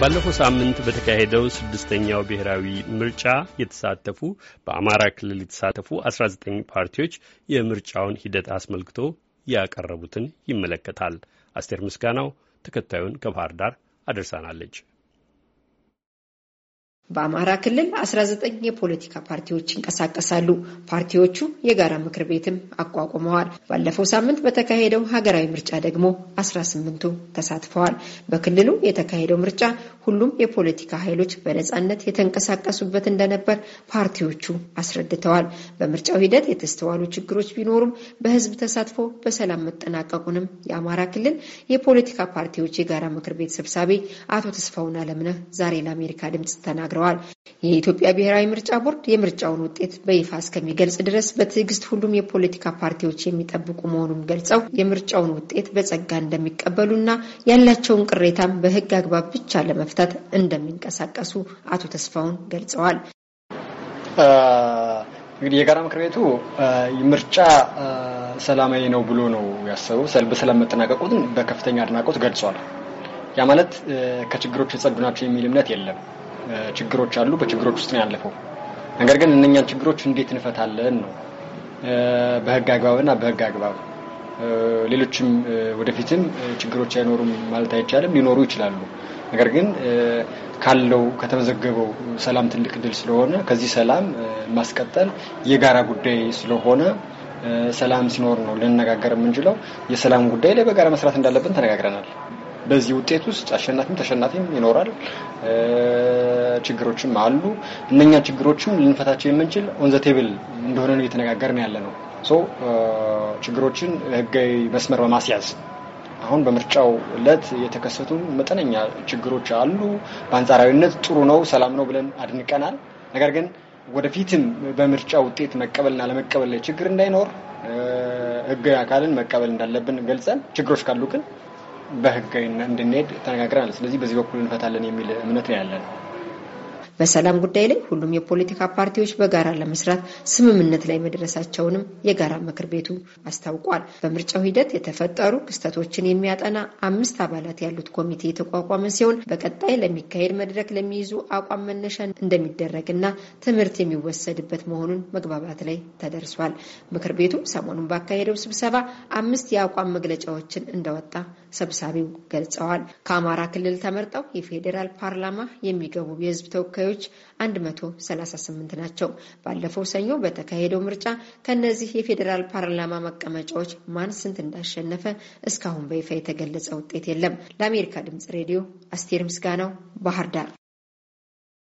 ባለፈው ሳምንት በተካሄደው ስድስተኛው ብሔራዊ ምርጫ የተሳተፉ በአማራ ክልል የተሳተፉ 19 ፓርቲዎች የምርጫውን ሂደት አስመልክቶ ያቀረቡትን ይመለከታል። አስቴር ምስጋናው ተከታዩን ከባህር ዳር አደርሳናለች። በአማራ ክልል 19 የፖለቲካ ፓርቲዎች ይንቀሳቀሳሉ። ፓርቲዎቹ የጋራ ምክር ቤትም አቋቁመዋል። ባለፈው ሳምንት በተካሄደው ሀገራዊ ምርጫ ደግሞ 18ቱ ተሳትፈዋል። በክልሉ የተካሄደው ምርጫ ሁሉም የፖለቲካ ኃይሎች በነፃነት የተንቀሳቀሱበት እንደነበር ፓርቲዎቹ አስረድተዋል። በምርጫው ሂደት የተስተዋሉ ችግሮች ቢኖሩም በህዝብ ተሳትፎ በሰላም መጠናቀቁንም የአማራ ክልል የፖለቲካ ፓርቲዎች የጋራ ምክር ቤት ሰብሳቢ አቶ ተስፋውን አለምነህ ዛሬ ለአሜሪካ ድምፅ ተናግረዋል። የኢትዮጵያ ብሔራዊ ምርጫ ቦርድ የምርጫውን ውጤት በይፋ እስከሚገልጽ ድረስ በትዕግስት ሁሉም የፖለቲካ ፓርቲዎች የሚጠብቁ መሆኑን ገልጸው የምርጫውን ውጤት በጸጋ እንደሚቀበሉና ያላቸውን ቅሬታም በሕግ አግባብ ብቻ ለመፍታት እንደሚንቀሳቀሱ አቶ ተስፋውን ገልጸዋል። እንግዲህ የጋራ ምክር ቤቱ ምርጫ ሰላማዊ ነው ብሎ ነው ያሰበው። ሰልብ መጠናቀቁትን በከፍተኛ አድናቆት ገልጿል። ያ ማለት ከችግሮች የጸዱ ናቸው የሚል እምነት የለም። ችግሮች አሉ። በችግሮች ውስጥ ነው ያለፈው። ነገር ግን እነኛን ችግሮች እንዴት እንፈታለን ነው በህግ አግባብና በህግ አግባብ ሌሎችም ወደፊትም ችግሮች አይኖሩም ማለት አይቻልም፣ ሊኖሩ ይችላሉ። ነገር ግን ካለው ከተመዘገበው ሰላም ትልቅ ድል ስለሆነ ከዚህ ሰላም ማስቀጠል የጋራ ጉዳይ ስለሆነ ሰላም ሲኖር ነው ልንነጋገር የምንችለው። የሰላም ጉዳይ ላይ በጋራ መስራት እንዳለብን ተነጋግረናል። በዚህ ውጤት ውስጥ አሸናፊም ተሸናፊም ይኖራል። ችግሮችም አሉ። እነኛ ችግሮችም ልንፈታቸው የምንችል ኦን ዘ ቴብል እንደሆነ ነው እየተነጋገርን ያለ ነው። ሶ uh, ችግሮችን ህጋዊ መስመር በማስያዝ አሁን በምርጫው ለት የተከሰቱ መጠነኛ ችግሮች አሉ። በአንጻራዊነት ጥሩ ነው፣ ሰላም ነው ብለን አድንቀናል። ነገር ግን ወደፊትም በምርጫ ውጤት መቀበልና ለመቀበል ላይ ችግር እንዳይኖር uh, ህጋዊ አካልን መቀበል እንዳለብን ገልጸን ችግሮች ካሉ ግን በህጋዊ እንድንሄድ ተነጋግረናል። ስለዚህ በዚህ በኩል እንፈታለን የሚል እምነት ነው ያለን። በሰላም ጉዳይ ላይ ሁሉም የፖለቲካ ፓርቲዎች በጋራ ለመስራት ስምምነት ላይ መድረሳቸውንም የጋራ ምክር ቤቱ አስታውቋል። በምርጫው ሂደት የተፈጠሩ ክስተቶችን የሚያጠና አምስት አባላት ያሉት ኮሚቴ የተቋቋመ ሲሆን በቀጣይ ለሚካሄድ መድረክ ለሚይዙ አቋም መነሻ እንደሚደረግና ትምህርት የሚወሰድበት መሆኑን መግባባት ላይ ተደርሷል። ምክር ቤቱ ሰሞኑን ባካሄደው ስብሰባ አምስት የአቋም መግለጫዎችን እንደወጣ ሰብሳቢው ገልጸዋል። ከአማራ ክልል ተመርጠው የፌዴራል ፓርላማ የሚገቡ የህዝብ ተወካዮች ተወካዮች 138 ናቸው። ባለፈው ሰኞ በተካሄደው ምርጫ ከእነዚህ የፌዴራል ፓርላማ መቀመጫዎች ማን ስንት እንዳሸነፈ እስካሁን በይፋ የተገለጸ ውጤት የለም። ለአሜሪካ ድምጽ ሬዲዮ አስቴር ምስጋናው ባህር ዳር